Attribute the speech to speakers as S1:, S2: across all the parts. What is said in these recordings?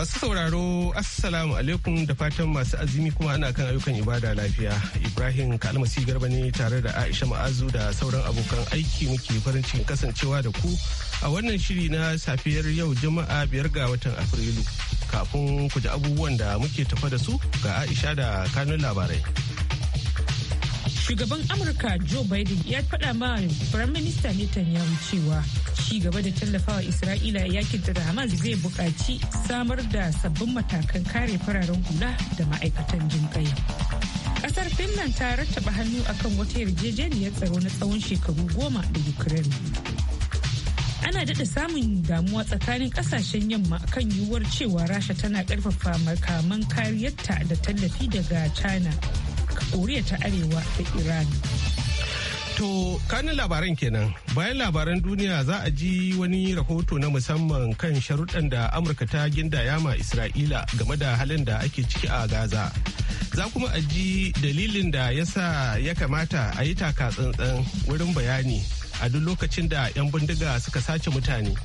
S1: Masu sauraro Assalamu alaikum da fatan masu azumi kuma ana kan ayyukan ibada lafiya. Ibrahim Kalmasi Garba ne tare da Aisha Ma'azu da sauran abokan aiki muke farin cikin kasancewa da ku a wannan shiri na safiyar yau Juma'a biyar ga watan Afrilu. Kafin ku ji abubuwan da muke tafa da su ga Aisha da kanun labarai.
S2: shugaban amurka joe biden ya faɗa ma firayim minista netanyahu cewa ci gaba da tallafawa isra'ila yakin da hamas zai buƙaci samar da sabbin matakan kare fararen hula da ma'aikatan jinƙai kasar finland ta rattaba hannu akan wata yarjejeniyar tsaro na tsawon shekaru goma da ukraine ana daɗa samun damuwa tsakanin ƙasashen yamma kan yiwuwar cewa rasha tana ƙarfafa makaman kariyarta da tallafi daga china koriya ta arewa da iran
S1: To kanin labaran kenan bayan labaran duniya za a ji wani rahoto na musamman kan sharuɗan da Amurka ta gindaya ma Isra'ila game da halin da ake ciki a Gaza. Za kuma a ji dalilin da ya sa ya kamata a yi taka tsantsan wurin bayani a duk lokacin da 'yan bindiga suka sace mutane.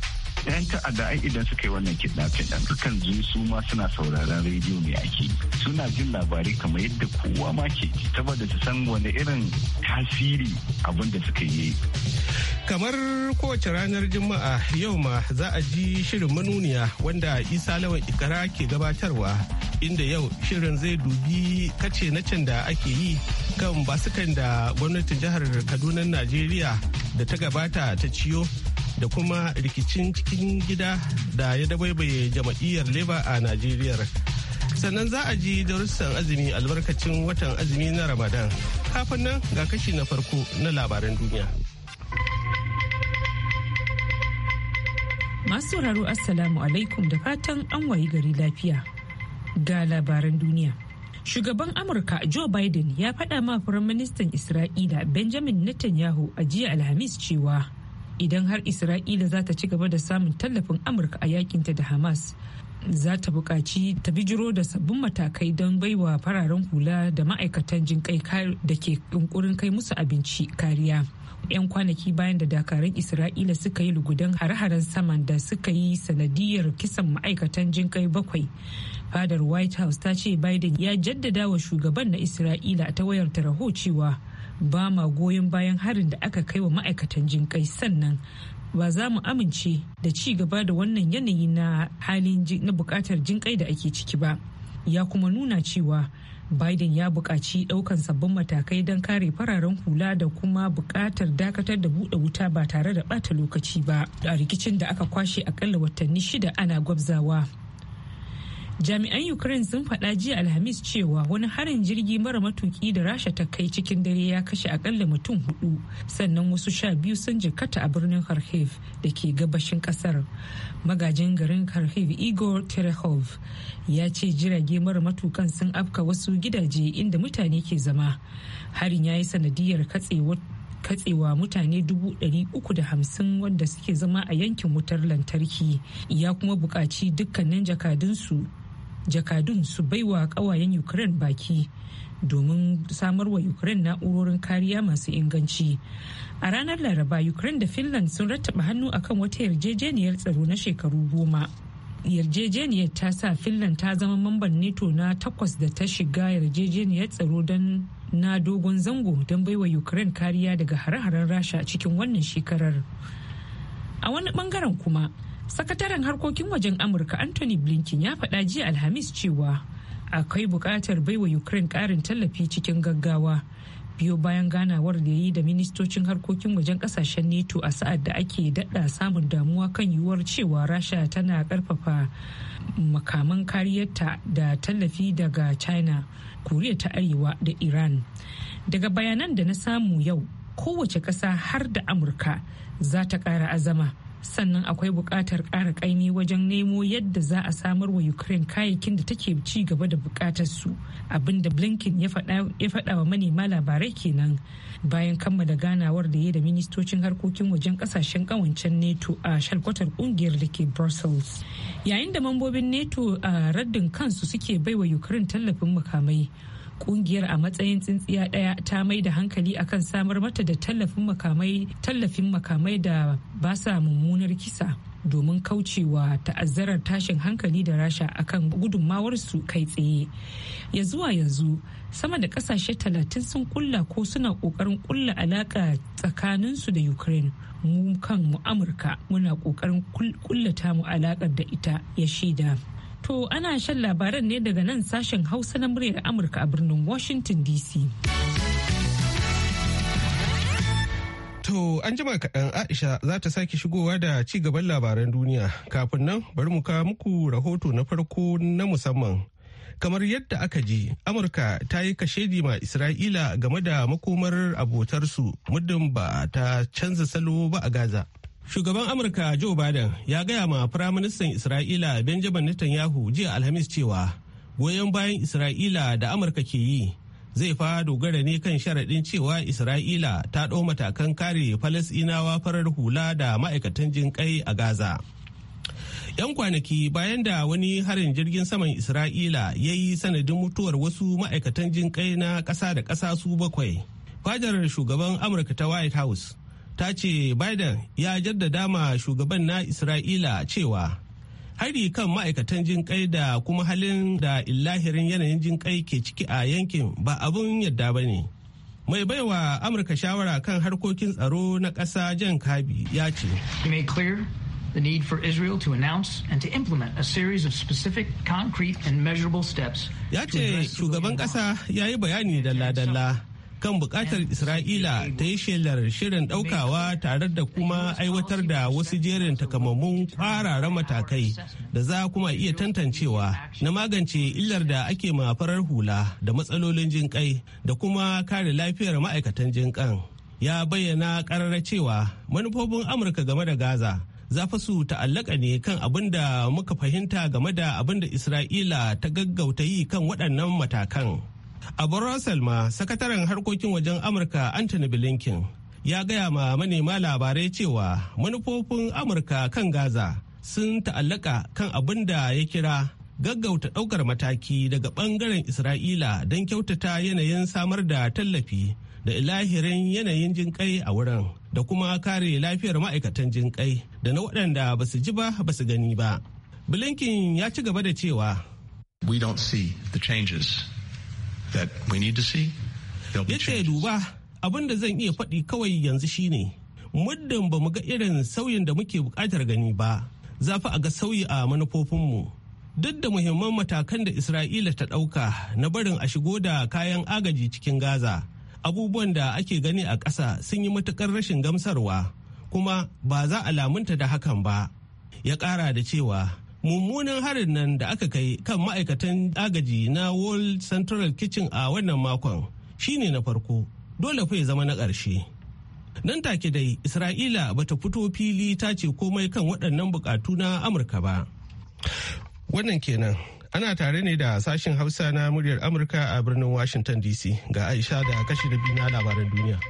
S3: 'yan ta'adda ai idan suka yi wannan kidnapping ɗan dukkan je su ma suna sauraron rediyo ne ake suna jin labarai kamar yadda kowa ma ke saboda su san wani irin tasiri abin da suka yi
S1: kamar kowace ranar juma'a yau ma za a ji shirin manuniya wanda isa lawan ikara ke gabatarwa inda yau shirin zai dubi kace na can da ake yi kan basukan da gwamnatin jihar kaduna najeriya da ta gabata ta ciyo da kuma rikicin cikin gida da ya dabaibaye jama'iyyar leba a najeriya sannan za a ji darussan azumi albarkacin watan azumi na ramadan kafin nan ga kashi na farko na labaran duniya
S2: masu sauraro assalamu alaikum da fatan an wayi gari lafiya ga labaran duniya shugaban amurka joe biden ya faɗa ma firaministan isra'ila benjamin netanyahu a jiya alhamis cewa idan har isra'ila za ta ci gaba da samun tallafin amurka a yakinta da hamas za ta buƙaci ta bijiro da sabbin matakai don baiwa fararen hula da ma'aikatan jin kai da ke yunkurin kai musu abinci kariya. 'yan kwanaki bayan da dakarun isra'ila suka yi lugudan hare-haren saman da suka yi sanadiyar kisan ma'aikatan jin kai bakwai fadar white house ta ce biden ya jaddada wa shugaban na isra'ila ta wayar taraho cewa ba ma goyon bayan harin da aka kai wa ma'aikatan jinƙai sannan ba za mu amince da ci gaba da wannan yanayi na halin na bukatar jinƙai da ake ciki ba ya kuma nuna cewa biden ya buƙaci ɗaukan sabbin matakai don kare fararen hula da kuma buƙatar dakatar da buɗe wuta ba tare da ɓata lokaci ba a rikicin da aka kwashe akalla watanni shida ana gwabzawa jami'an ukraine sun faɗa jiya alhamis cewa wani harin jirgi mara matuki da rasha ta kai cikin dare ya kashe akalla mutum hudu sannan wasu sha biyu sun jikata a birnin kharkiv da ke gabashin kasar magajin garin kharkiv igor terehov ya ce jirage mara matukan sun afka wasu gidaje inda mutane ke zama harin ya yi sanadiyar katsewa mutane hamsin wanda suke zama a yankin wutar lantarki ya kuma buƙaci dukkanin jakadunsu jakadun su baiwa ƙawayen ukraine baki domin samar wa ukraine na'urorin kariya masu inganci a ranar laraba ukraine da finland sun rattaba hannu akan wata yarjejeniyar tsaro na shekaru goma yarjejeniyar ta sa finland ta zama mamban nato na takwas da ta shiga yarjejeniyar tsaro don na dogon zango don baiwa ukraine kariya daga hare-haren rasha cikin wannan shekarar a wani bangaren kuma sakataren harkokin wajen amurka anthony blinken ya faɗa jiya alhamis cewa akwai buƙatar baiwa ukraine ƙarin tallafi cikin gaggawa biyo bayan ganawar da ya yi da ministocin harkokin wajen ƙasashen neto a sa'ad da ake daɗa samun damuwa kan yiwuwar cewa rasha tana ƙarfafa makaman kariyarta da tallafi daga china koriya ta arewa da iran daga bayanan da na samu yau kowace ƙasa har da amurka za ta ƙara azama sannan akwai buƙatar ƙara ƙaini wajen nemo yadda za a samar wa ukraine kayayyakin da take ci gaba da buƙatar su abinda blinken ya faɗa wa manema labarai kenan bayan kammala ganawar da ya da ministocin harkokin wajen ƙasashen ƙawancen neto a shalkwatar ƙungiyar da ke brussels yayin da mambobin neto a raddin kansu suke baiwa ukraine tallafin mukamai kungiyar a matsayin tsintsiya daya ta mai da hankali akan samar mata da tallafin makamai tallafin makamai da ba sa mummunar kisa domin kaucewa ta'azzarar tashin hankali da rasha akan gudunmawarsu kai tsaye ya zuwa yanzu sama da kasashe talatin sun kulla ko suna kokarin kulla alaka tsakaninsu da ukraine mu kan mu amurka muna kokarin kullata mu alakar da ita ya shida. To ana shan labaran ne daga nan sashen Hausa na muryar Amurka a birnin Washington DC.
S1: To an jima kaɗan Aisha za ta sake shigowa da ci gaban labaran duniya. Kafin nan bari mu kawo muku rahoto na farko na musamman. Kamar yadda aka ji, Amurka ta yi kashedi ma Isra'ila game da makomar abotarsu muddin ba ta canza salo ba a Gaza. Shugaban Amurka Joe Biden ya gaya ma Firaministan Isra'ila Benjamin Netanyahu jiya Alhamis cewa goyon bayan Isra'ila da Amurka ke yi zai fa dogara ne kan sharaɗin cewa Isra'ila ta ɗau matakan kare Falasɗinawa farar hula da ma'aikatan jinƙai a Gaza. 'Yan kwanaki bayan da wani harin jirgin saman Isra'ila ya yi sanadin mutuwar wasu ma'aikatan jinƙai na ƙasa da ƙasa su bakwai, Fajar shugaban Amurka ta White House ta ce Biden ya jaddada ma shugaban na Isra'ila cewa hari kan ma'aikatan jin kai da kuma halin da illahirin yanayin jin kai ke ciki a yankin ba abun yadda ba ne. Mai baiwa Amurka shawara kan harkokin tsaro na ƙasa Jan Kabi ya ce. The need for Israel to announce and to implement a series specific, concrete, and measurable steps. Ya ce shugaban ƙasa ya yi bayani dalla-dalla kan bukatar Isra'ila ta yi shelar shirin daukawa tare da kuma aiwatar da wasu jerin takamammun kwararren matakai da za kuma iya tantancewa na magance illar da ake mafarar hula da matsalolin jinƙai da kuma kare lafiyar ma'aikatan jinƙan. Ya bayyana karara cewa manufofin Amurka game da Gaza. fa su ta'allaka ne kan abin da muka fahimta game da abin da Isra'ila ta gaggauta yi kan waɗannan matakan. A Brussels ma sakataren harkokin wajen Amurka Anthony Blinken ya gaya ma manema labarai cewa manufofin Amurka kan Gaza sun ta'allaka kan abin da ya kira gaggauta ɗaukar mataki daga ɓangaren Isra'ila don kyautata yanayin samar da tallafi da ilahirin yanayin jinƙai a wurin da kuma kare lafiyar ma'aikatan jinƙai da na waɗanda ba su ji ba ba su gani ba. Blinken ya ci gaba da cewa. We don't
S3: see the changes that we need to see.
S1: Yace duba abin da zan iya faɗi kawai yanzu shine muddin ba mu ga irin sauyin da muke buƙatar gani ba za fi a ga sauyi a manufofinmu duk da muhimman matakan da Isra'ila ta ɗauka na barin a shigo da kayan agaji cikin Gaza abubuwan da ake gani a ƙasa sun yi matuƙar rashin gamsarwa kuma ba za a lamunta da hakan ba ya ƙara da cewa mummunan harin nan da aka kai kan ma'aikatan agaji na world central kitchen a wannan makon shine na farko dole fa zama na ƙarshe nan take dai isra'ila bata fito fili ta ce komai kan waɗannan buƙatu na amurka ba wannan kenan ana tare ne da sashin hausa na muryar amurka a birnin washington dc ga
S2: aisha da kashi na labaran duniya.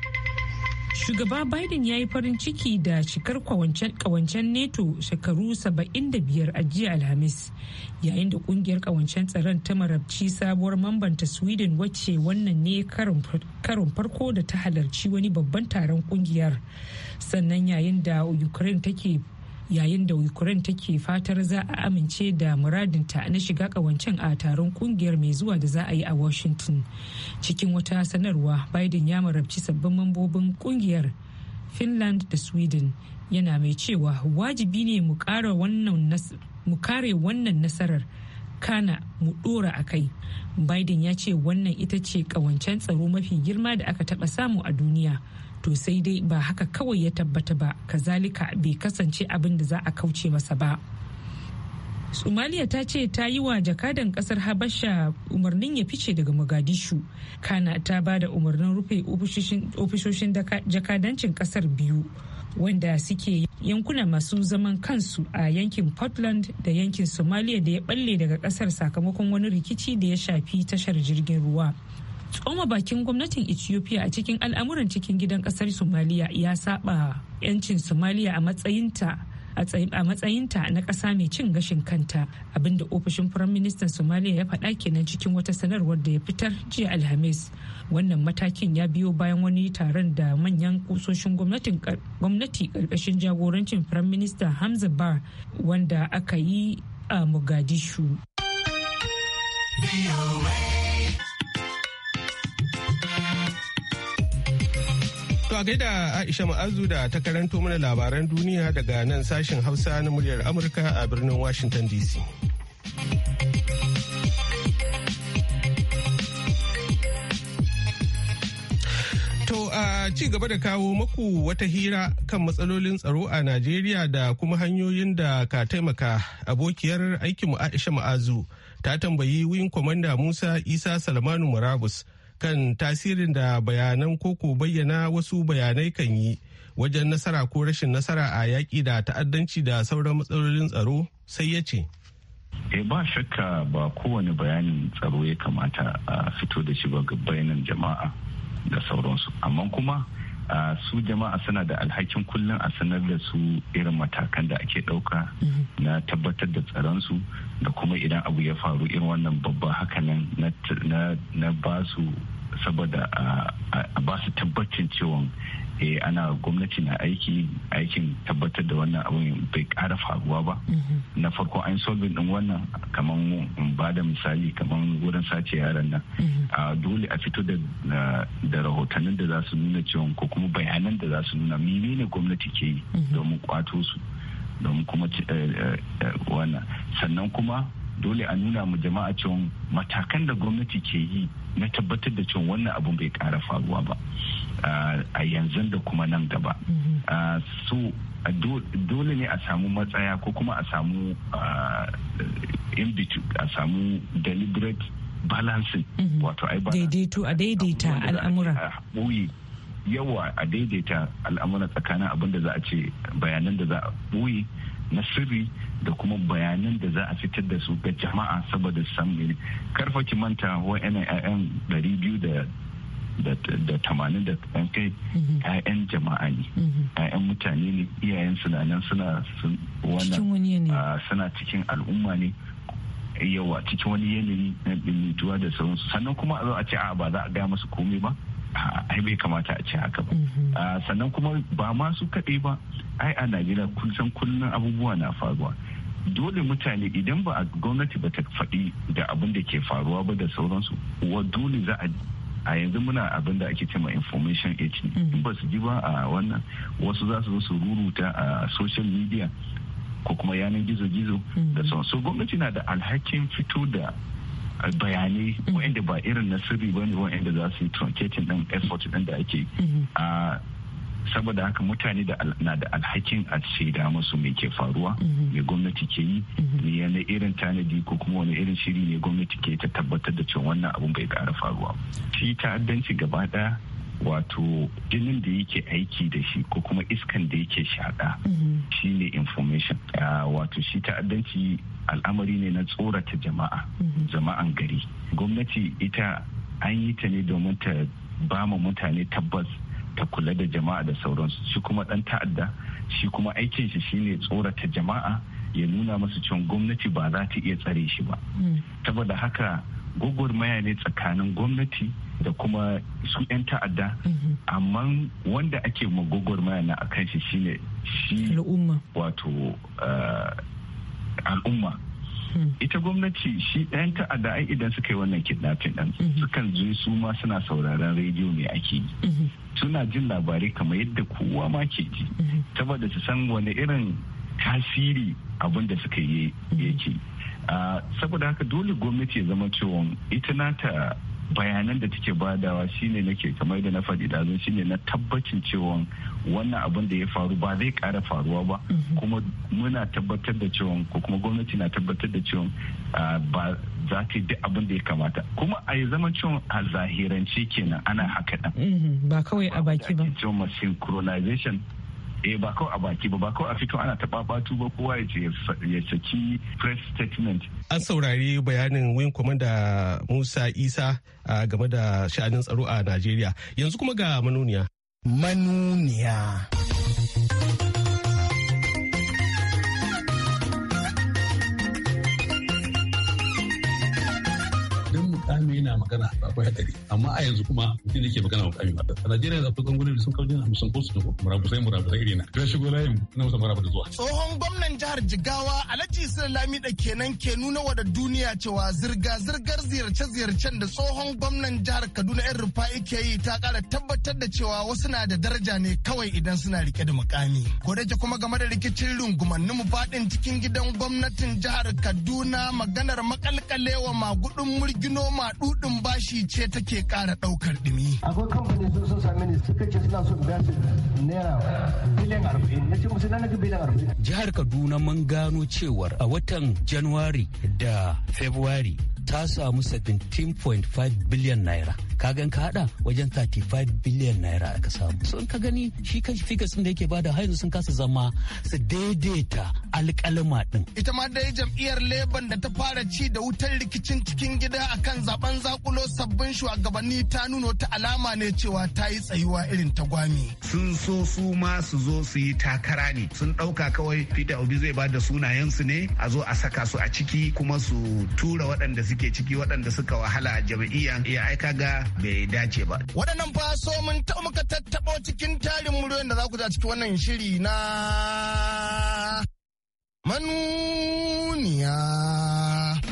S2: shugaba biden ya yi farin ciki da cikar kawancen neto shekaru 75 a jiya alhamis yayin da kungiyar kawancen tsaron ta marabci sabuwar mambanta sweden wacce wannan ne karin farko da ta halarci wani babban taron kungiyar sannan yayin da ukraine take yayin da ukraine take fatar za a amince da muradinta na shiga kawancen a taron kungiyar mai zuwa da za a yi a washington cikin wata sanarwa biden ya marabci sabbin mambobin kungiyar finland da sweden yana mai cewa wajibi ne mu kare wannan nasarar kana mu dora a kai biden ya ce wannan ita ce kawancen tsaro mafi girma da aka taba samu a duniya to sai dai ba haka kawai ya tabbata ba kazalika bai kasance abin da za a kauce masa ba somaliya ta ce ta yi wa jakadan kasar habasha umarnin ya fice daga mogadishu kana ta ba da umarnin rufe ofishoshin jakadancin kasar biyu wanda suke yankuna masu zaman kansu a yankin portland da yankin somaliya da ya balle daga kasar sakamakon wani rikici da ya shafi tashar jirgin ruwa tsoma bakin gwamnatin ethiopia a cikin al'amuran cikin gidan kasar somaliya ya saba 'yancin somaliya a matsayinta a matsayinta na ƙasa mai cin gashin kanta abinda ofishin firaministan somaliya ya faɗa kenan cikin wata sanarwar da ya fitar jiya alhamis wannan matakin ya biyo bayan wani taron da manyan kusoshin gwamnati ƙarƙashin jagorancin minista hamza bar wanda aka yi a mugadishu.
S1: To a gaida Aisha Ma'azu da ta karanto mana labaran duniya daga nan sashen Hausa na muryar Amurka a birnin Washington DC. To a ci gaba da kawo maku wata hira kan matsalolin tsaro a Najeriya da kuma hanyoyin da ka taimaka abokiyar aikinmu Aisha Ma'azu ta tambayi wing kwamanda Musa Isa Salmanu Murabus. kan tasirin da bayanan koko bayyana wasu bayanai kan yi wajen nasara ko rashin nasara a yaƙi da ta'addanci da sauran matsalolin tsaro sai ya ce.
S3: E ba shakka ba kowane bayanin tsaro ya kamata a fito da shi ba ga bayanan jama'a da sauransu. Amma kuma su jama'a suna da alhakin kullum a sanar da su irin matakan da ake ɗauka na tabbatar da tsaronsu da kuma idan abu ya faru irin wannan babban hakanan na ba su saboda a ba su tabbacin cewa eh, ana gwamnati na aiki aikin tabbatar da wannan abin bai kara faruwa ba mhm. na farko an solvin din wannan kamar ba da misali kamar wurin sace yaran nan mhm. a dole a fito da rahotannin da za su nuna cewa ko kuma bayanan da za su nuna menene gwamnati ke yi mhm. domin kwato su domin kuma eh, eh, wannan sannan kuma dole a nuna mu jama'a cewa matakan da gwamnati ke yi na tabbatar da cewa wannan abun bai kara faruwa ba a yanzu da kuma nan gaba mhm. so dole ne a samu matsaya ko kuma a samu a samu deliberate balancing mhm. wato ai daidaito a daidaita al'amura yawa a daidaita al'amura tsakanin abin da za a ce bayanan da za a ɓoye na sirri da kuma bayanan da za a fitar da su ga jama'a saboda san mene karfa ki manta wa 'ya'yan dari biyu da tamanin da kai 'ya'yan mhm. jama'a ne 'ya'yan mhm. mutane ne iyayen suna nan suna ah, suna cikin al'umma ne yawa cikin wani yanayi na ɗimmituwa da sauransu sannan kuma a zo a ce a ba za a gaya masu komai ba ai bai kamata a ce haka ba mhm. ah, sannan kuma ba masu su kaɗai ba ai a najeriya kun san kullum abubuwa na faruwa dole mutane idan ba a gwamnati ba ta faɗi da abin da ke faruwa ba da sauransu wa dole za a a yanzu muna abin da ake cema information age ne mhm. in ba su ji ba a wannan wasu za su zo su ruruta a social media ko kuma yanar gizo-gizo da mhm. sauransu gwamnati na da alhakin fito da bayanai mm-hmm. wa'anda ba irin na sirri ba ne wa'anda za su yi truncating ɗin effort ɗin da ake mm-hmm. ah, saboda haka mutane na da alhakin a shaida musu mai ke faruwa mai mm-hmm. gwamnati ke yi ne yana irin tanadi ko kuma wani irin shiri ne gwamnati ke ta tabbatar da cewa wannan abun bai ƙara faruwa shi ta'addanci gaba ɗaya wato jinin da yake aiki da shi ko kuma iskan da yake shaɗa mhm. Shi ne information wato shi ta'addanci al'amari ne na tsorata jama'a mhm. jama'an gari gwamnati ita an yi ta ne domin ta ba mu mutane tabbas ta kula da jama'a da sauransu shi kuma ɗan ta'adda shi kuma aikin shi shine tsorata jama'a ya nuna masu cewa gwamnati ba za ta iya tsare shi ba mhm. saboda haka gwagwarmaya ne tsakanin gwamnati da kuma su 'yan ta'adda mhm. amma wanda ake magogormaya na a kan shi shine shi wato eh, al'umma hmm. ita gwamnati shi yan ta'adda ai idan suka yi wannan kidnapping ɗin mhm. sukan je su ma suna sauraron rediyo ne ake yi mhm. suna jin labarai kamar yadda kowa ma ke ji saboda su san wani irin tasiri abin da suka yi yake ah, saboda haka dole gwamnati ya zama cewa ita nata bayanan da take badawa shine nake kamar da na faɗi da shine na tabbacin cewa wannan abin da ya faru ba zai kara faruwa ba mhm. kuma muna tabbatar da cewa ko kuma gwamnati na tabbatar da cewa ba za ta duk abin da ya kamata kuma a yi zama cewa a zahirance kenan ana haka mhm, ba kawai a baki ba synchronization eh ba kawai a baki ba ba kawai a fito ana taba batu ba kowa ya ce ya saki press statement
S2: an
S1: saurari bayanin wing commander musa isa game da sha'anin tsaro a najeriya yanzu kuma ga manuniya manuniya
S4: mukami na magana akwai hadari amma a yanzu kuma mutum da ke magana mukami ba a Najeriya da akwai gwamnati sun kawo jin hamsin ko su da murabusai murabusai irina na ya shigo layin na musa murabu da zuwa.
S5: Tsohon gwamnan jihar Jigawa Alhaji Lami da kenan ke nuna wa da duniya cewa zirga-zirgar ziyarce-ziyarcen da tsohon gwamnan jihar Kaduna yan Rufa'i ke yi ta kara tabbatar da cewa wasu na da daraja ne kawai idan suna rike da mukami. Ko da kuma game da rikicin rungumannin mu faɗin cikin gidan gwamnatin jihar Kaduna maganar makalkalewa magudun murgino mabuɗin bashi ce take ƙara ɗaukar ɗumi.
S6: Akwai kamfani sun sun sami ne suka ce suna son biya su naira biliyan arba'in na ce musu na naga biliyan arba'in.
S7: Jihar Kaduna mun gano cewar a watan Januwari da Februari ta samu 17.5 biliyan naira kagan ka hada wajen 35 biliyan naira aka samu so ka gani shi kan figures din da yake bada har yanzu sun kasa zama su daidaita alƙalma din ita ma
S5: dai jam'iyyar leban da ta fara ci da wutar rikicin cikin gida akan zaben zakulo sabbin shugabanni ta nuno ta alama ne cewa ta yi tsayuwa irin ta gwami
S8: sun so su ma su zo su yi takara ne sun ɗauka kawai peter obi zai bada da sunayensu ne a zo a saka su a ciki kuma su tura waɗanda su suke ciki waɗanda suka wahala a ya eh, aika ga bai dace ba.
S5: Waɗannan fa so mun taɓa muka tattaɓo cikin tarin muryoyin da za ku za ciki wannan shiri na manuniya.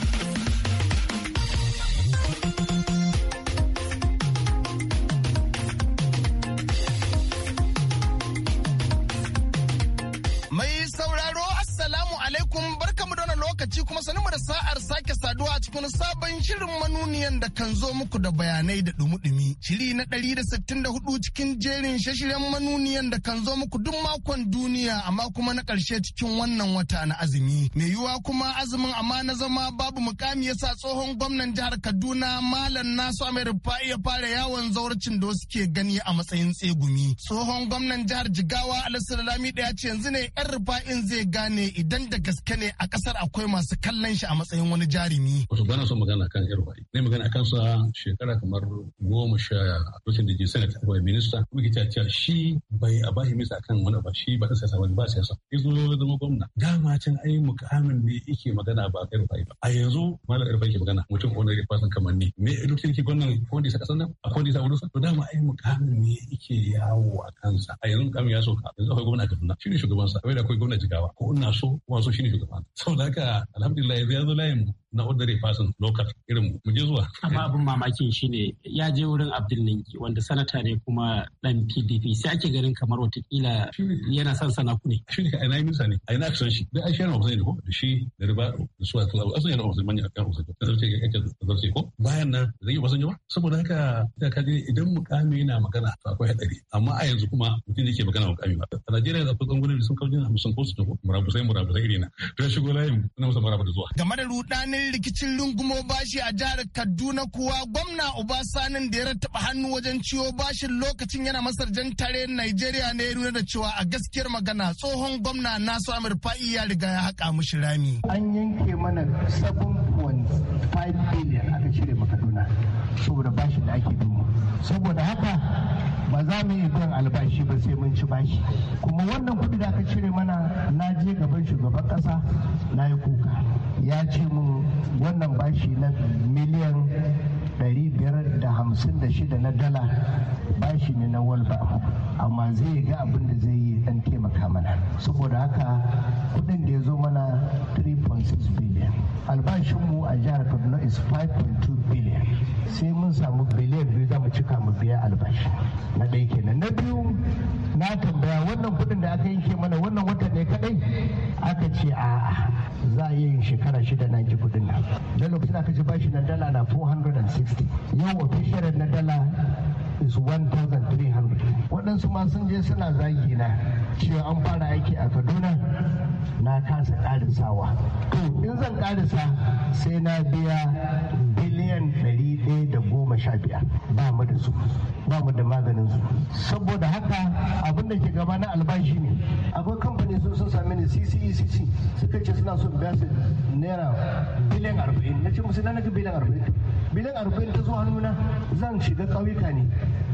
S5: lokaci kuma sanin da sa'ar sake saduwa cikin sabon shirin manuniyan da kan zo muku da bayanai da dumi-dumi. Shiri na ɗari da sittin da hudu cikin jerin shashiren manuniyan da kan zo muku duk makon duniya amma kuma na ƙarshe cikin wannan wata na azumi. Mai yiwuwa kuma azumin amma na zama babu mukami yasa tsohon gwamnan jihar Kaduna Malam Nasu Ahmed Rufa'i ya fara yawon zauracin da wasu ke gani a matsayin tsegumi. Tsohon gwamnan jihar Jigawa Alassar Lami ya ce yanzu ne 'yan Rufa'in zai gane idan da gaske ne a ƙasar akwai masu kallon shi a matsayin wani jarumi.
S4: Wato bana son magana kan yar wari. Ne magana kan sa shekara kamar goma sha lokacin da ke sanya ta ko minista. Muke ta cewa shi bai a bashi misa kan wani ba shi ba ta siyasa ba ba siyasa. Ya zo ya zama gwamna. Dama can ai mukamin ne yake magana ba yar wari ba. A yanzu malam Erwai ke magana mutum ko ne fasan kamar ni. Me lokacin ke gwamnan ko da sa kasan nan a ko da sa wani sa. To dama ai mukamin ne yake yawo a kansa. A yanzu mukamin ya so ka. Yanzu akwai gwamna a Kaduna. Shi ne shugaban sa. Akwai da akwai gwamna Jigawa. Ko ina so ko so shi ne shugaban. Saboda haka alhamdulillah ya zo layin mu na ordinary person local irin mu je zuwa. Amma abin mamakin shine ya je wurin Abdul Ninki wanda sanata ne kuma dan PDP sai ake garin kamar watakila yana son sana ku ne. Shi ne a ina yi nisa ne a ina san shi da ai yana ofisai ne ko da shi da riba da suwa ta zaɓa yana ofisai manya a ofisai ta zarce ya kake zarce ko bayan nan zai yi wasan yawa saboda haka da ka je idan mukami yana magana to akwai hadari amma a yanzu kuma mutum yake magana mukami ba. A Najeriya da akwai gwamnati sun kawo jina hamsin ko su murabusai murabusai irina. Ta shigo layin na musa marabu da zuwa.
S5: Game da ruɗanin cikin rikicin lungumo bashi a jihar Kaduna kuwa gwamna Obasanin da ya rattaba hannu wajen ciwo bashin lokacin yana masar jan tare Najeriya ne ya nuna da cewa a gaskiyar magana tsohon gwamna Nasu Amir Fa'i ya riga ya haƙa mushi rami. An yanke mana 7.5
S6: billion aka cire ma Kaduna saboda bashin da ake dumo. Saboda haka ba za mu yi don albashi ba sai mun ci bashi. Kuma wannan kuɗi da aka cire mana na je gaban shugaban ƙasa na yi kuka. ya ce mun wannan bashi na miliyan 556 na dala bashi ne na walba amma zai ga abin da zai yi dan taimaka mana saboda haka kudin da ya zo mana 3.6 billion albashinmu a jihar kaduna is 5.2 billion sai mun samu biliyan biyu za mu cika mu biya albashi na ɗaya kenan na biyu na tambaya wannan kuɗin da aka yanke mana wannan wata ne kaɗai aka ce a za a yin shekara shida na ji kuɗin nan da lokacin aka ji bashi na dala na 460 yau official na dala is 1300 waɗansu ma sun je suna zagi na cewa an fara aiki a kaduna na kasa ƙarisawa to in zan ƙarisa sai na biya miliyan 115 ba mu da su ba mu da maganin su saboda haka abin da ke gaba na albashi ne akwai kamfani sun sun sami ne ccecc suka ce suna son biya su naira biliyan 40 na ce musu na naga biliyan 40 biliyan arba'in ta zuwa nuna zan shiga ƙauyuka ne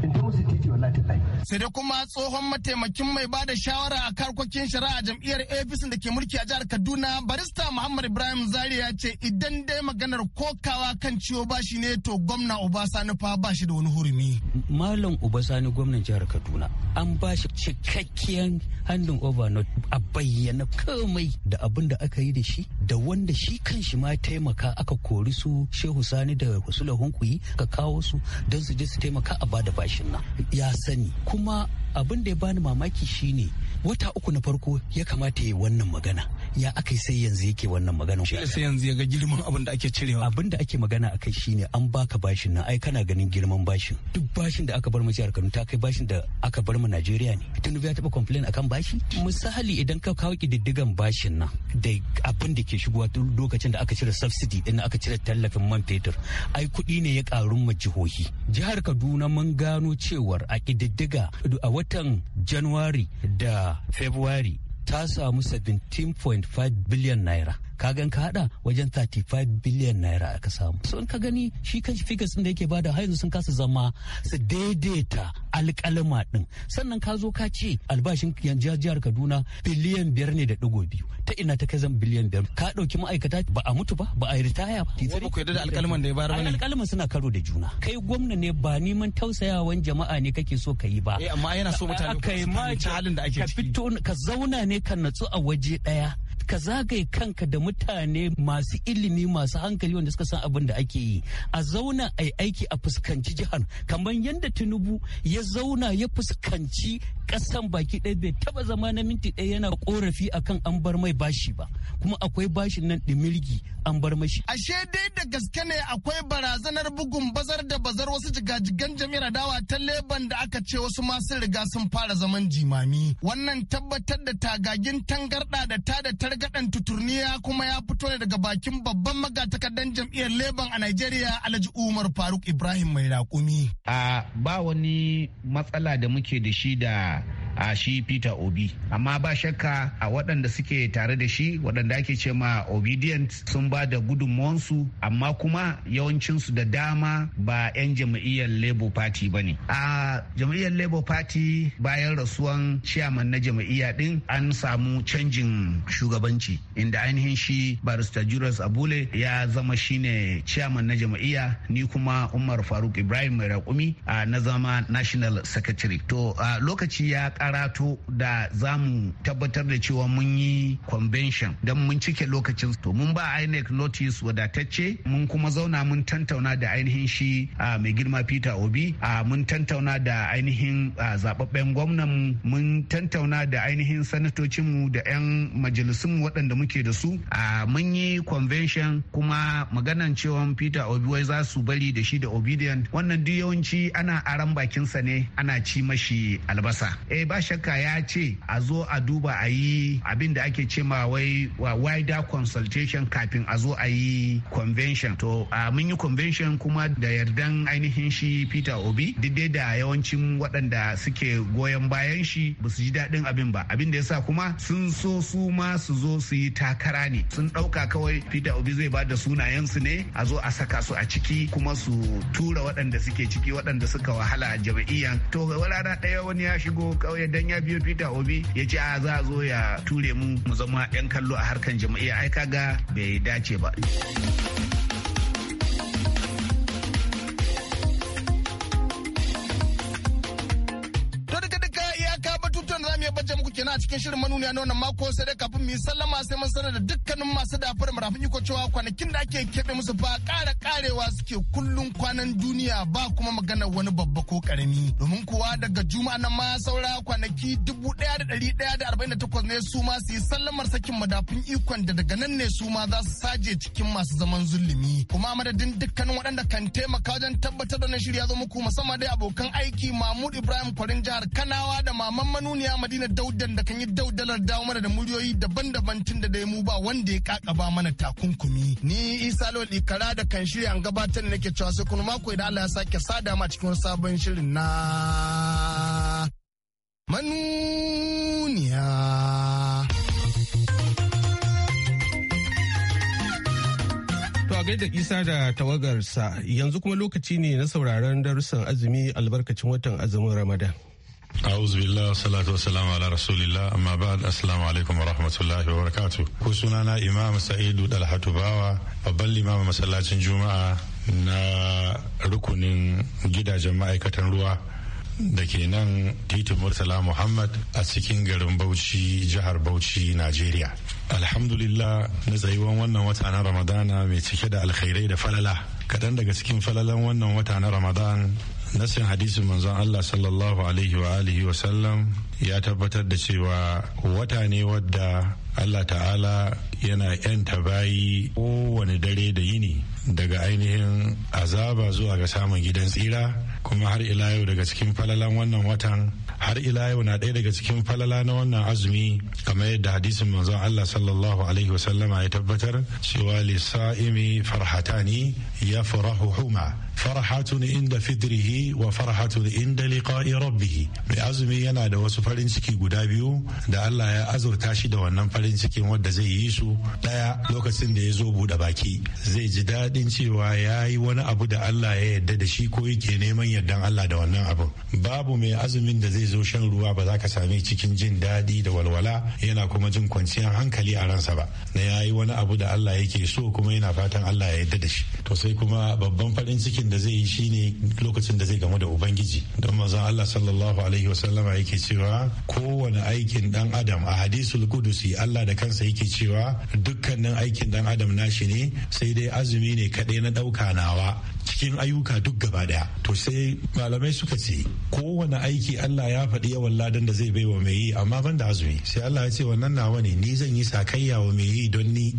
S6: in ta musu titi wallahi ta
S5: sai dai kuma tsohon mataimakin mai ba da shawara a karkokin shari'a jam'iyyar apc da ke mulki a jihar kaduna barista muhammad ibrahim zari ya ce idan dai maganar kokawa kan ciwo bashi ne to gwamna obasani fa ba shi da wani hurumi
S7: malam obasani gwamnan jihar kaduna an ba shi cikakkiyar handin not a bayyana komai da abin da aka yi da shi da wanda shi kan shi ma taimaka aka kori su shehu sani da ku sulhun ku yi ka kawo su don su je su taimaka a bada bashin na. ya sani kuma abin da ya bani mamaki shine wata uku na farko ya kamata ya yi wannan magana ya aka sai yanzu yake wannan magana shi sai yanzu ya ga girman abin da ake cirewa abin da ake magana akai shine an baka bashin nan ai kana ganin girman bashin duk bashin da aka bar mu jihar Kano ta kai bashin da aka bar mu Najeriya ne Tinubu ya taba complain akan bashi misali idan ka kawo kididdigan bashin nan da abin da ke shigowa tun lokacin da aka cire subsidy din aka cire tallafin man fetur ai kuɗi ne ya karu mu jihohi jihar Kaduna mun gano cewar a kididdiga a watan January da February ta samu 17.5 biliyan naira ka gan ka hada wajen 35 biliyan naira aka samu so in ka gani shi kan figures din da yake bada har yanzu sun kasa zama su daidaita alƙalama din sannan ka zo ka ce albashin yanzu jihar Kaduna biliyan biyar ne da digo biyu ta ina ta kai zan biliyan biyar ka dauki ma'aikata ba a mutu ba ba a ritaya ba ba ku yadda da alƙalaman da ya bayar bane alƙalaman suna karo da juna kai gwamna ne ba neman tausayawan jama'a ne kake so ka yi ba eh, amma yana so mutane ka
S1: halin da ake ciki ka
S7: fito ka zauna ne ka natsu a waje ɗaya. ka zagaye kanka da mutane masu ilimi masu hankali wanda suka san abin da ake yi a zauna a yi aiki a fuskanci jihar kamar yadda tinubu ya zauna ya fuskanci kasan baki ɗaya bai taba zama na minti ɗaya yana korafi akan an bar mai bashi ba kuma akwai bashin nan ɗimirgi an bar mashi. ashe dai da gaske ne akwai barazanar bugun bazar da bazar wasu jigajigan jami'ar dawa ta
S5: leban da aka ce wasu masu riga sun fara zaman jimami wannan tabbatar da tagagin tangarɗa da ta da gadan tuturniya kuma ya fito ne daga bakin babban magatakardan jam'iyyar Leban a Najeriya Alhaji Umar Faruk Ibrahim mai raƙumi.
S8: A ba wani matsala da muke da shi da a shi peter obi amma ba shakka a waɗanda suke tare da shi waɗanda ake ce ma obedient sun ba da gudunmuwansu amma kuma yawancinsu da dama ba 'yan jam'iyyar labour party ba ne a jam'iyyar labour party bayan rasuwan chairman na jam'iyya din an samu canjin shugabanci inda ainihin shi barista julius abule ya zama shine chairman na jam'iyya ni kuma umar faruk ibrahim mai raƙumi na zama national secretary to lokaci ya karato da za mu tabbatar da cewa mun yi convention don mun cike lokacin to mun ba inec notice wadatacce mun kuma zauna mun tantauna da ainihin shi mai girma peter obi a mun tantauna da ainihin zababben gwamnan mun tantauna da ainihin sanatocinmu da 'yan majalisun waɗanda muke da su a mun yi convention kuma maganan cewa peter obi wai za su bari da shi da obedient wannan duk yawanci ana aran bakinsa ne ana ci mashi albasa eh ba shakka ya ce a zo a duba a yi abin da ake ce ma wai wider consultation kafin a zo a yi convention to a mun yi convention kuma da yardan ainihin shi peter obi dai da yawancin waɗanda suke goyon bayan shi ba su ji daɗin abin ba abin da yasa kuma sun so su ma su zo su yi takara ne sun ɗauka kawai peter obi zai ba da sunayensu ne a zo a saka su a ciki kuma su tura waɗanda suke ciki waɗanda suka wahala a jam'iyyan to rana ɗaya wani ya shigo kawai kawai dan ya biyo Peter Obi ya ce a za a zo ya ture mu mu zama 'yan kallo a harkan jama'a ai kaga bai dace ba.
S5: cikin shirin manuniya na wannan mako sai dai kafin mu yi sallama sai mun sanar da dukkanin masu dafar marafin iko cewa kwanakin da ake keɓe musu ba ƙara ƙarewa suke kullum kwanan duniya ba kuma magana wani babba ko ƙarami domin kuwa daga juma'a nan ma saura kwanaki dubu ɗaya da ɗari ɗaya da arba'in da takwas ne su ma su yi sallamar sakin madafin ikon da daga nan ne su ma za su saje cikin masu zaman zulumi kuma madadin dukkanin waɗanda kan taimaka wajen tabbatar da na shirya zo muku musamman dai abokan aiki mahmud ibrahim kwarin jihar kanawa da maman manuniya madina daudan da kan yi daudalar dawo mana da muryoyi daban-daban tun da dai mu ba wanda ya kakaba mana takunkumi ni isa Lodi ikara da kan shirya an gabatar da nake cewa sai kuma mako idan Allah ya sake sada ma cikin sabon shirin na manuniya
S1: gaida isa da tawagarsa yanzu kuma lokaci ne na sauraron darussan azumi albarkacin watan azumin ramadan
S9: A'udhu billah salatu wassalamu ala rasulillah amma ba'd assalamu alaikum wa rahmatullahi wa barakatuh. Ko sunana Imam Sa'idu Dalhatu Bawa babban limamin masallacin Juma'a na rukunin gidajen ma'aikatan ruwa da ke nan titin Murtala Muhammad a cikin garin Bauchi jihar Bauchi Najeriya. Alhamdulillah na tsayuwan wannan wata na Ramadana mai cike da alkhairai da falala. Kaɗan daga cikin falalan wannan wata na Ramadan nasin hadisin manzon Allah sallallahu alaihi wa alihi wa sallam ya tabbatar da cewa wata ne wadda Allah ta'ala yana yanta bayi kowane dare da yini daga ainihin azaba zuwa ga samun gidan tsira kuma har ila yau daga cikin falalan wannan watan har ila yau na ɗaya daga cikin falala na wannan azumi kamar yadda hadisin manzon Allah sallallahu alaihi wasallama ya tabbatar cewa lisa'imi farhatani ya farahu huma farhatun inda fidrihi wa farhatun inda liqa'i rabbih mai azumi yana da wasu farin ciki guda biyu da Allah ya azurta shi da wannan farin cikin wanda zai yi su daya lokacin da ya zo buɗe baki zai ji daɗin cewa ya yi wani abu da Allah ya yarda da shi ko yake neman yardan Allah da wannan abu babu mai azumin da zai zo shan ruwa ba za ka sami cikin jin daɗi da walwala yana kuma jin kwanciyar hankali a ransa ba na yayi wani abu da Allah yake so kuma yana fatan Allah ya yarda da shi to sai kuma babban farin cikin da zai yi shine lokacin da zai gamu da ubangiji don manzon Allah sallallahu alaihi wasallama yake cewa kowane aikin dan adam a hadisul kudusi Allah da kansa yake cewa dukkanin aikin dan adam nashi ne sai dai azumi ne kadai na ɗauka nawa cikin ayyuka duk gaba daya to sai malamai suka ce kowane aiki Allah ya faɗi yawan ladan da zai baiwa mai yi amma ban da azumi sai Allah ya ce wannan nawa ne ni zan yi sakayya wa mai yi don ni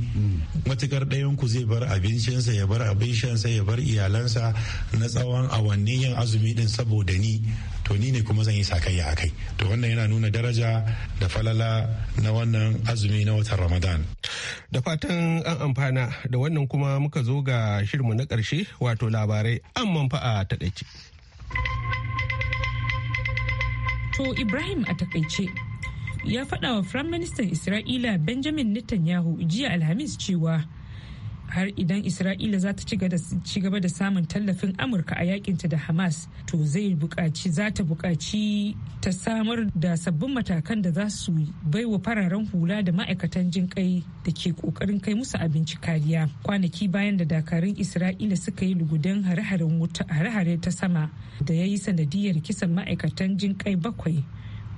S9: matukar ɗayan ku zai bar abincinsa ya bar abincinsa ya bar iyalansa na tsawon awanni yin azumi din saboda ni to ni ne kuma zan yi sakayya a kai to wannan yana nuna daraja da falala na wannan
S1: azumi na watan ramadan Da fatan an amfana da wannan kuma muka zo ga shirmu na ƙarshe wato labarai an manfa'a ta ɗaice.
S2: To Ibrahim a takaice ya faɗa wa Firaministan Isra'ila Benjamin Netanyahu jiya Alhamis cewa har idan isra'ila za ta ci gaba da samun tallafin amurka a yakinta da hamas to zai buƙaci za ta buƙaci ta samar da sabbin matakan da za su baiwa fararen hula da ma'aikatan jin kai da ke ƙoƙarin kai musu abinci kariya kwanaki bayan da dakarun isra'ila suka yi lugudan hare-hare ta sama da ya yi sanadiyar kisan ma'aikatan jin kai bakwai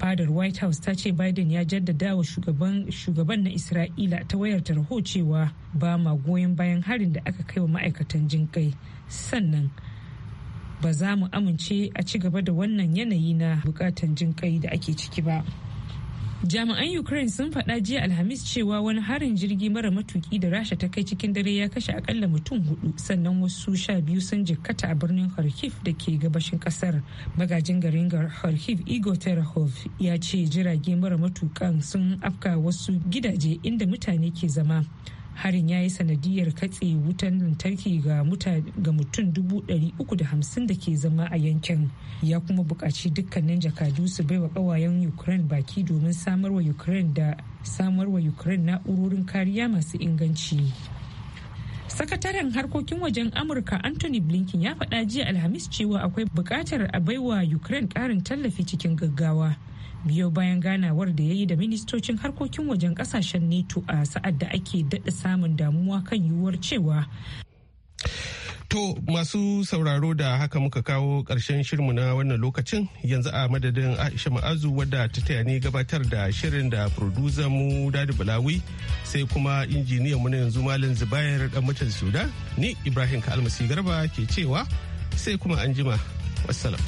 S2: fadar white house ta ce biden ya jaddada wa shugaban na isra'ila ta wayar tarho cewa ba ma goyon bayan harin da aka kai wa ma'aikatan jinkai sannan ba za mu amince a ci gaba da wannan yanayi na bukatan jinkai da ake ciki ba. jami'an ukraine sun faɗa jiya alhamis cewa wani harin jirgi mara matuki da rasha ta kai cikin dare ya kashe akalla mutum hudu sannan wasu sha biyu sun jikkata a birnin kharkiv da ke gabashin kasar magajin garin kharkiv igor terahov ya ce jirage mara matukan sun afka wasu gidaje inda mutane ke zama harin ya yi sanadiyar katse wutan lantarki ga mutum 350 da ke zama a yankin ya kuma buƙaci dukkanin jakadu su baiwa ƙawayen ukraine baki domin samarwa ukraine da samarwa ukraine na'urorin kariya masu inganci sakataren harkokin wajen amurka anthony blinken ya faɗa jiya alhamis cewa akwai buƙatar a baiwa ukraine ƙarin tallafi cikin gaggawa biyo bayan ganawar da ya yi da ministocin harkokin wajen kasashen neto a sa'ad da ake daɗa samun damuwa kan yiwuwar cewa
S1: To masu sauraro da haka muka kawo ƙarshen shirmu na wannan lokacin yanzu a madadin Aisha Ma'azu wadda ta taya ni gabatar da shirin da producer mu Dadi Bulawi sai kuma injiniyan mu na yanzu Malam Zubair dan mutan Suda ni Ibrahim Kalmasi Garba ke cewa sai kuma anjima wassalam.